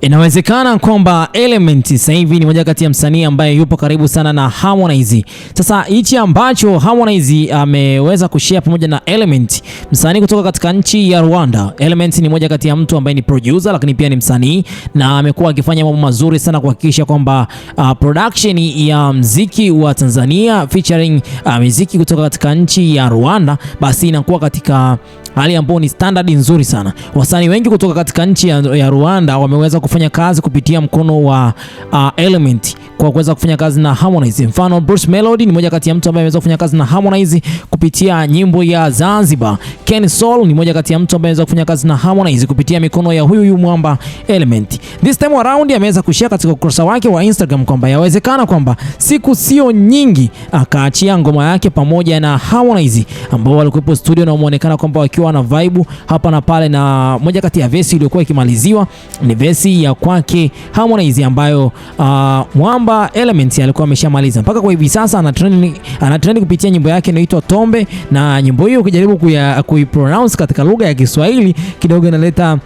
Inawezekana kwamba Element sasa hivi ni moja kati ya msanii ambaye yupo karibu sana na Harmonize. Sasa hichi ambacho Harmonize ameweza kushare pamoja na Element, msanii kutoka katika nchi ya Rwanda. Element ni moja kati ya mtu ambaye ni producer lakini pia ni msanii na amekuwa akifanya mambo mazuri sana kuhakikisha kwamba uh, production ya mziki wa Tanzania featuring uh, mziki kutoka katika nchi ya Rwanda basi inakuwa katika hali ambayo ni standard nzuri sana. Wasanii wengi kutoka katika nchi ya, ya Rwanda wameweza kufanya kazi kupitia mkono wa uh, element kwa kuweza kufanya kazi na Harmonize. Mfano Bruce Melody ni moja kati ya mtu ambaye ameweza kufanya kazi na Harmonize kupitia nyimbo ya Zanzibar. Ken Soul ni moja kati ya mtu ambaye ameweza kufanya kazi na Harmonize kupitia mikono ya huyu huyu mwamba Element. This time around ameweza kushare katika ukurasa wake wa Instagram kwamba yawezekana kwamba siku sio nyingi akaachia ngoma yake pamoja na Harmonize ambao walikuwepo studio na umeonekana kwamba wakiwa na vibe hapa na pale, na moja kati ya vesi iliyokuwa ikimaliziwa ni vesi ya kwake Harmonize ambayo uh, mwamba Elements alikuwa ameshamaliza mpaka kwa hivi sasa ana trend, ana trend kupitia nyimbo yake inaitwa Tombe, na nyimbo hiyo ukijaribu kuipronounce katika lugha ya Kiswahili kidogo inaleta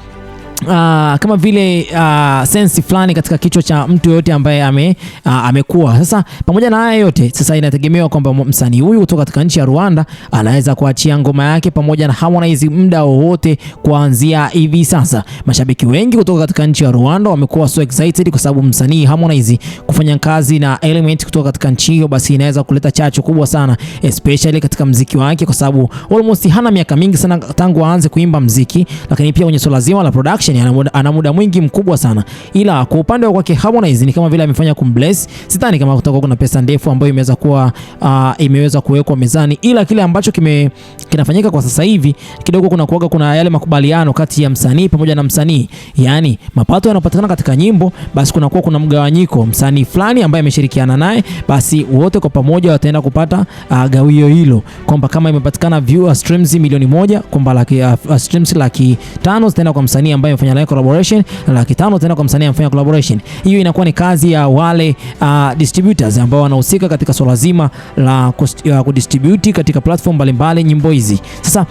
Uh, kama vile uh, sensi fulani katika kichwa cha mtu yoyote ambaye ame, uh, amekuwa sasa. Pamoja na haya yote sasa, inategemewa kwamba msanii huyu kutoka katika nchi ya Rwanda anaweza kuachia ngoma yake pamoja na Harmonize muda wowote kuanzia hivi sasa. Mashabiki wengi kutoka katika nchi ya Rwanda wamekuwa so excited kwa sababu msanii Harmonize kufanya kazi na Element kutoka katika nchi hiyo, basi inaweza kuleta chachu kubwa sana especially katika mziki wake, kwa sababu almost hana miaka mingi sana tangu aanze kuimba mziki, lakini pia kwenye swala zima la production Nation ana muda mwingi mkubwa sana, ila kwa upande wa kwake Harmonize ni kama vile amefanya kumbless. Sidhani kama kutakuwa kuna pesa ndefu ambayo imeweza kuwa uh, imeweza kuwekwa mezani, ila kile ambacho kime, kinafanyika kwa sasa hivi kidogo kuna kuaga, kuna yale makubaliano kati ya msanii pamoja na msanii, yani mapato yanapatikana katika nyimbo, basi kuna kuwa kuna mgawanyiko, msanii fulani ambaye ameshirikiana naye, basi wote kwa pamoja wataenda kupata uh, gawio hilo, kwamba kama imepatikana view streams milioni moja, kwamba laki, uh, streams laki tano zitaenda kwa msanii ambaye aliyefanya naye collaboration na laki tano tena kwa msanii amefanya collaboration. Hiyo inakuwa ni kazi ya wale uh, distributors ambao wanahusika katika swala zima la uh, kudistribute katika platform mbalimbali nyimbo hizi. Sasa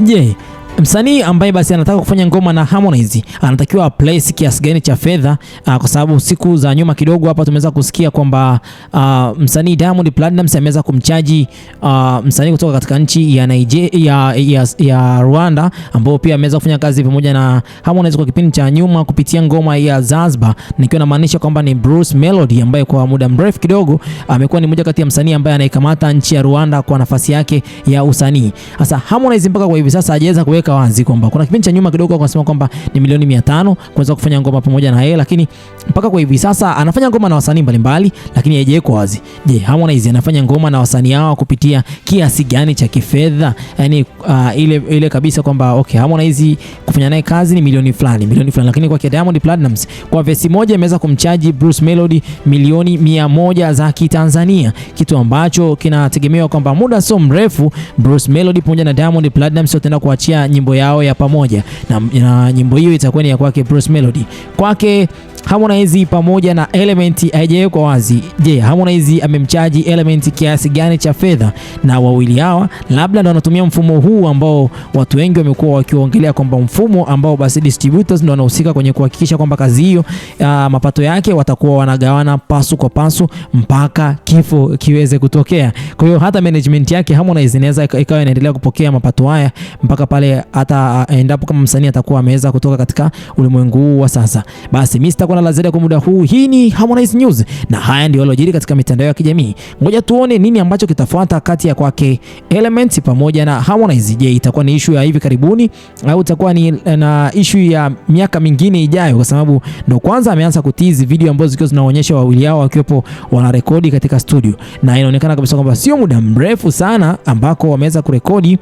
je, yeah msanii ambaye basi anataka kufanya ngoma na Harmonize anatakiwa place kiasi gani cha fedha? Uh, Kwa sababu siku za nyuma kidogo hapa tumeweza kusikia kwamba uh, msanii Diamond Platnumz ameweza kumchaji uh, msanii kutoka katika nchi ya, Nigeria, ya, ya, ya Rwanda ambao pia ameweza kufanya kazi pamoja na Harmonize kwa kipindi cha nyuma kupitia ngoma ya Zanzibar, nikiwa namaanisha kwamba ni Bruce Melody ambaye kwa muda mrefu kidogo amekuwa ni mmoja kati ya msanii ambaye anaikamata nchi ya Rwanda kwa nafasi yake ya usanii. Sasa Harmonize mpaka kwa hivi sasa hajaweza kuweka kuweka wazi kwamba kuna kipindi cha nyuma kidogo akasema kwamba ni milioni 500 kuweza kufanya ngoma pamoja na yeye, lakini mpaka kwa hivi sasa anafanya ngoma na wasanii mbalimbali, lakini haijawekwa wazi. Je, Harmonize anafanya ngoma na wasanii hawa kupitia kiasi gani cha kifedha? Yani uh, ile, ile kabisa kwamba okay, Harmonize kufanya naye kazi ni milioni fulani milioni fulani, lakini kwa Diamond Platnumz kwa vesi moja imeweza kumchaji Bruce Melody milioni mia moja za Kitanzania, kitu ambacho kinategemewa kwamba muda sio mrefu Bruce Melody pamoja na Diamond Platnumz wataenda kuachia nyimbo yao ya pamoja na, na nyimbo hiyo itakuwa ni ya kwake Bruce Melody kwake Harmonize pamoja na Element haijawekwa wazi. Je, Harmonize amemchaji Element kiasi gani cha fedha? Na wawili hawa labda ndo wanatumia mfumo huu ambao watu wengi wamekuwa wakiongelea kwamba mfumo ambao basi distributors ndo wanahusika kwenye kuhakikisha kwamba kazi hiyo, uh, mapato yake watakuwa wanagawana pasu kwa pasu mpaka kifo kiweze kutokea. Kwa hiyo hata management yake Harmonize inaweza ikawa inaendelea kupokea mapato haya mpaka pale hata endapo kama msanii atakuwa ameweza kutoka katika ulimwengu huu wa sasa, basi Mr sitakuwa na la ziada kwa muda huu. Hii ni Harmonize News na haya ndio yaliyojiri katika mitandao ya kijamii. Ngoja tuone nini ambacho kitafuata kati ya kwake Element pamoja na Harmonize. Je, itakuwa ni ishu ya hivi karibuni au itakuwa ni eh, na ishu ya miaka mingine ijayo? Kwa sababu ndo kwanza ameanza kutizi video ambazo zikiwa zinaonyesha wawili hao wakiwepo wanarekodi katika studio, na inaonekana kabisa kwamba sio muda mrefu sana ambako wameweza kurekodi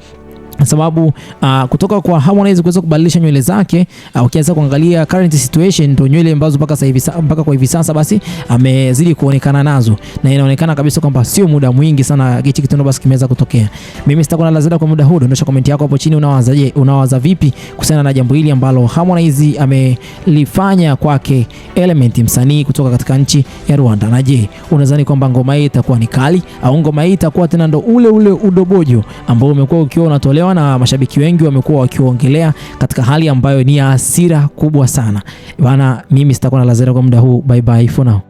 sababu uh, kutoka kwa Harmonize kuweza kubadilisha nywele zake uh, ukianza kuangalia current situation, ndio nywele ambazo mpaka sasa hivi mpaka kwa hivi sasa basi amezidi kuonekana nazo, na inaonekana kabisa kwamba sio muda mwingi sana hichi kitendo basi kimeweza kutokea. Mimi sitakuwa na la ziada kwa muda huu, ndio comment yako hapo chini. Unawaza je, unawaza vipi kuhusiana na jambo hili ambalo Harmonize amelifanya kwake Element, msanii kutoka katika nchi ya Rwanda? Na je, unadhani kwamba ngoma hii itakuwa ni kali au ngoma hii itakuwa tena ndo ule ule udobojo ambao umekuwa ukiona unatolewa sawa, na mashabiki wengi wamekuwa wakiongelea katika hali ambayo ni ya hasira kubwa sana bana. Mimi sitakuwa na la ziada kwa muda huu, bye bye for now.